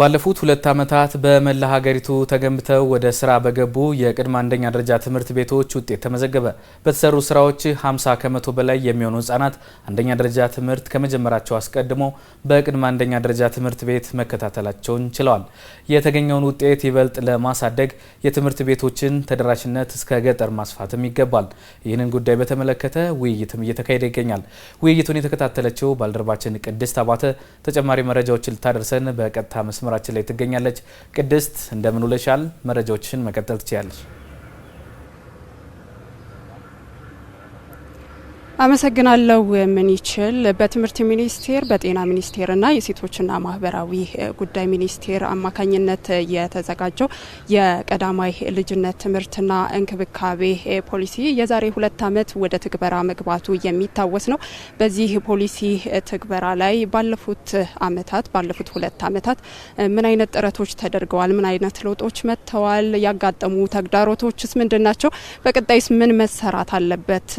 ባለፉት ሁለት ዓመታት በመላ ሀገሪቱ ተገንብተው ወደ ስራ በገቡ የቅድመ አንደኛ ደረጃ ትምህርት ቤቶች ውጤት ተመዘገበ። በተሰሩ ስራዎች 50 ከመቶ በላይ የሚሆኑ ህጻናት አንደኛ ደረጃ ትምህርት ከመጀመራቸው አስቀድሞ በቅድመ አንደኛ ደረጃ ትምህርት ቤት መከታተላቸውን ችለዋል። የተገኘውን ውጤት ይበልጥ ለማሳደግ የትምህርት ቤቶችን ተደራሽነት እስከ ገጠር ማስፋትም ይገባል። ይህንን ጉዳይ በተመለከተ ውይይትም እየተካሄደ ይገኛል። ውይይቱን የተከታተለችው ባልደረባችን ቅድስት አባተ ተጨማሪ መረጃዎችን ልታደርሰን በቀጥታ መስመ መስመራችን ላይ ትገኛለች። ቅድስት እንደምን ውለሻል? መረጃዎችን መቀጠል ትችላለች። አመሰግናለሁ ይችል በትምህርት ሚኒስቴር በጤና ሚኒስቴርና የሴቶችና ማህበራዊ ጉዳይ ሚኒስቴር አማካኝነት የተዘጋጀው የቀዳማይ ልጅነት ትምህርትና እንክብካቤ ፖሊሲ የዛሬ ሁለት ዓመት ወደ ትግበራ መግባቱ የሚታወስ ነው። በዚህ ፖሊሲ ትግበራ ላይ ባለፉት ዓመታት ባለፉት ሁለት ዓመታት ምን አይነት ጥረቶች ተደርገዋል? ምን አይነት ለውጦች መጥተዋል? ያጋጠሙ ተግዳሮቶችስ ምንድን ናቸው? በቀጣይስ ምን መሰራት አለበት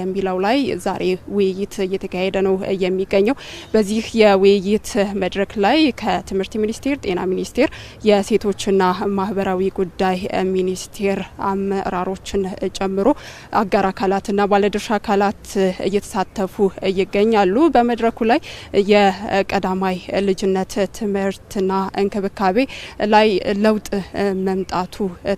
የሚለው ላይ ዛሬ ውይይት እየተካሄደ ነው የሚገኘው። በዚህ የውይይት መድረክ ላይ ከትምህርት ሚኒስቴር፣ ጤና ሚኒስቴር፣ የሴቶችና ማህበራዊ ጉዳይ ሚኒስቴር አመራሮችን ጨምሮ አጋር አካላትና ባለድርሻ አካላት እየተሳተፉ ይገኛሉ። በመድረኩ ላይ የቀዳማይ ልጅነት ትምህርትና እንክብካቤ ላይ ለውጥ መምጣቱ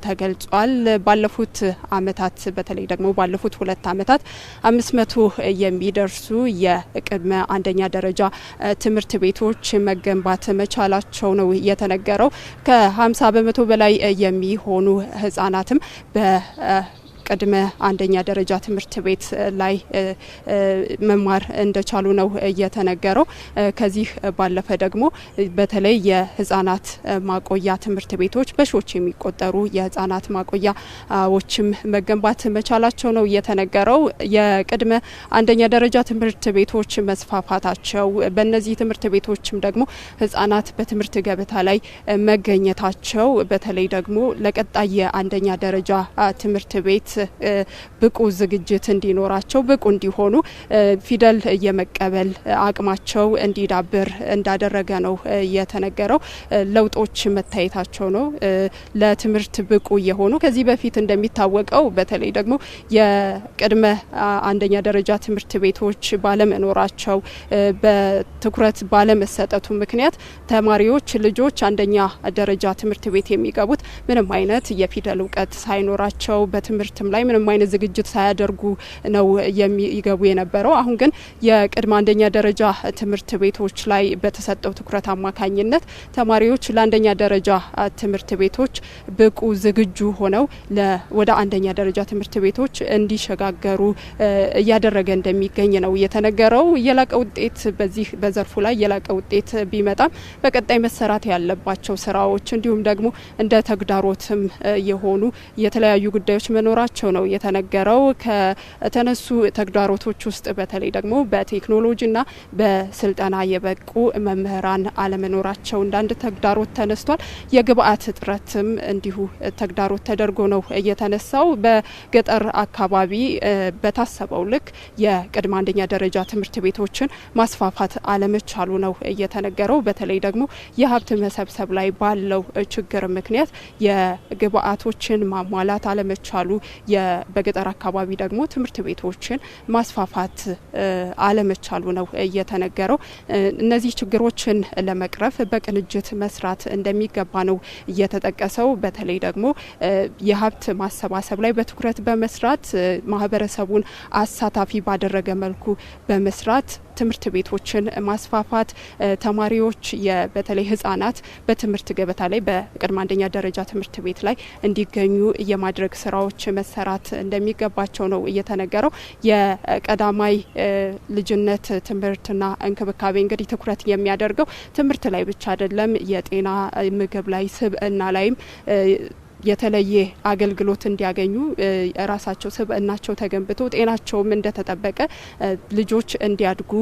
ተገልጿል። ባለፉት አመታት በተለይ ደግሞ ባለፉት ሁለት አመታት አምስት መቶ መቶ የሚደርሱ የቅድመ አንደኛ ደረጃ ትምህርት ቤቶች መገንባት መቻላቸው ነው የተነገረው። ከ50 በመቶ በላይ የሚሆኑ ህጻናትም በ ቅድመ አንደኛ ደረጃ ትምህርት ቤት ላይ መማር እንደቻሉ ነው እየተነገረው። ከዚህ ባለፈ ደግሞ በተለይ የህጻናት ማቆያ ትምህርት ቤቶች በሺዎች የሚቆጠሩ የህጻናት ማቆያዎችም መገንባት መቻላቸው ነው እየተነገረው። የቅድመ አንደኛ ደረጃ ትምህርት ቤቶች መስፋፋታቸው በእነዚህ ትምህርት ቤቶችም ደግሞ ህጻናት በትምህርት ገበታ ላይ መገኘታቸው በተለይ ደግሞ ለቀጣይ የአንደኛ ደረጃ ትምህርት ቤት ብቁ ዝግጅት እንዲኖራቸው ብቁ እንዲሆኑ ፊደል የመቀበል አቅማቸው እንዲዳብር እንዳደረገ ነው የተነገረው። ለውጦች መታየታቸው ነው። ለትምህርት ብቁ የሆኑ ከዚህ በፊት እንደሚታወቀው በተለይ ደግሞ የቅድመ አንደኛ ደረጃ ትምህርት ቤቶች ባለመኖራቸው በትኩረት ባለመሰጠቱ ምክንያት ተማሪዎች ልጆች አንደኛ ደረጃ ትምህርት ቤት የሚገቡት ምንም አይነት የፊደል እውቀት ሳይኖራቸው በትምህርት ሸማቾችም ላይ ምንም አይነት ዝግጅት ሳያደርጉ ነው የሚገቡ የነበረው። አሁን ግን የቅድመ አንደኛ ደረጃ ትምህርት ቤቶች ላይ በተሰጠው ትኩረት አማካኝነት ተማሪዎች ለአንደኛ ደረጃ ትምህርት ቤቶች ብቁ ዝግጁ ሆነው ወደ አንደኛ ደረጃ ትምህርት ቤቶች እንዲሸጋገሩ እያደረገ እንደሚገኝ ነው የተነገረው። የላቀ ውጤት በዚህ በዘርፉ ላይ የላቀ ውጤት ቢመጣም በቀጣይ መሰራት ያለባቸው ስራዎች እንዲሁም ደግሞ እንደ ተግዳሮትም የሆኑ የተለያዩ ጉዳዮች መኖራቸው እንዳላቸው ነው የተነገረው። ከተነሱ ተግዳሮቶች ውስጥ በተለይ ደግሞ በቴክኖሎጂና በስልጠና የበቁ መምህራን አለመኖራቸው እንዳንድ ተግዳሮት ተነስቷል። የግብአት እጥረትም እንዲሁ ተግዳሮት ተደርጎ ነው የተነሳው። በገጠር አካባቢ በታሰበው ልክ የቅድመ አንደኛ ደረጃ ትምህርት ቤቶችን ማስፋፋት አለመቻሉ ነው እየተነገረው። በተለይ ደግሞ የሀብት መሰብሰብ ላይ ባለው ችግር ምክንያት የግብአቶችን ማሟላት አለመቻሉ በገጠር አካባቢ ደግሞ ትምህርት ቤቶችን ማስፋፋት አለመቻሉ ነው እየተነገረው። እነዚህ ችግሮችን ለመቅረፍ በቅንጅት መስራት እንደሚገባ ነው እየተጠቀሰው። በተለይ ደግሞ የሀብት ማሰባሰብ ላይ በትኩረት በመስራት ማህበረሰቡን አሳታፊ ባደረገ መልኩ በመስራት ትምህርት ቤቶችን ማስፋፋት ተማሪዎች በተለይ ህጻናት በትምህርት ገበታ ላይ በቅድመ አንደኛ ደረጃ ትምህርት ቤት ላይ እንዲገኙ የማድረግ ስራዎች መሰራት እንደሚገባቸው ነው እየተነገረው። የቀዳማይ ልጅነት ትምህርትና እንክብካቤ እንግዲህ ትኩረት የሚያደርገው ትምህርት ላይ ብቻ አይደለም፣ የጤና ምግብ ላይ ስብዕና ላይም የተለየ አገልግሎት እንዲያገኙ ራሳቸው ስብዕናቸው ተገንብቶ ጤናቸውም እንደተጠበቀ ልጆች እንዲያድጉ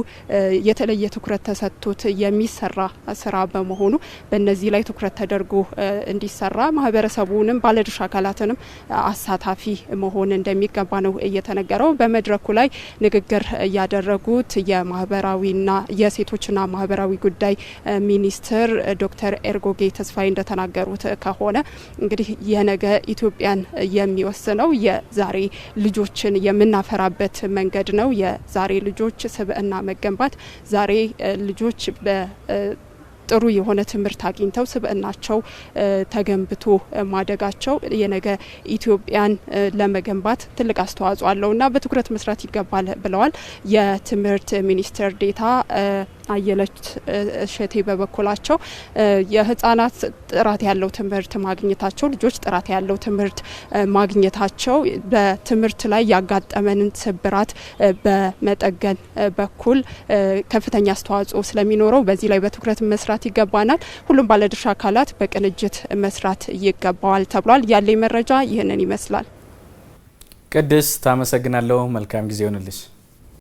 የተለየ ትኩረት ተሰጥቶት የሚሰራ ስራ በመሆኑ በነዚህ ላይ ትኩረት ተደርጎ እንዲሰራ ማህበረሰቡንም ባለድርሻ አካላትንም አሳታፊ መሆን እንደሚገባ ነው እየተነገረው። በመድረኩ ላይ ንግግር ያደረጉት የማህበራዊና የሴቶችና ማህበራዊ ጉዳይ ሚኒስትር ዶክተር ኤርጎጌ ተስፋዬ እንደተናገሩት ከሆነ እንግዲህ የነገ ኢትዮጵያን የሚወስነው የዛሬ ልጆችን የምናፈራበት መንገድ ነው። የዛሬ ልጆች ስብዕና መገንባት ዛሬ ልጆች በ ጥሩ የሆነ ትምህርት አግኝተው ስብዕናቸው ተገንብቶ ማደጋቸው የነገ ኢትዮጵያን ለመገንባት ትልቅ አስተዋጽኦ አለውና በትኩረት መስራት ይገባል ብለዋል የትምህርት ሚኒስትር ዴታ አየለች እሸቴ በበኩላቸው የህጻናት ጥራት ያለው ትምህርት ማግኘታቸው ልጆች ጥራት ያለው ትምህርት ማግኘታቸው በትምህርት ላይ ያጋጠመንን ስብራት በመጠገን በኩል ከፍተኛ አስተዋጽኦ ስለሚኖረው በዚህ ላይ በትኩረት መስራት ይገባናል። ሁሉም ባለድርሻ አካላት በቅንጅት መስራት ይገባዋል ተብሏል። ያለኝ መረጃ ይህንን ይመስላል። ቅድስት አመሰግናለሁ። መልካም ጊዜ ይሆንልሽ።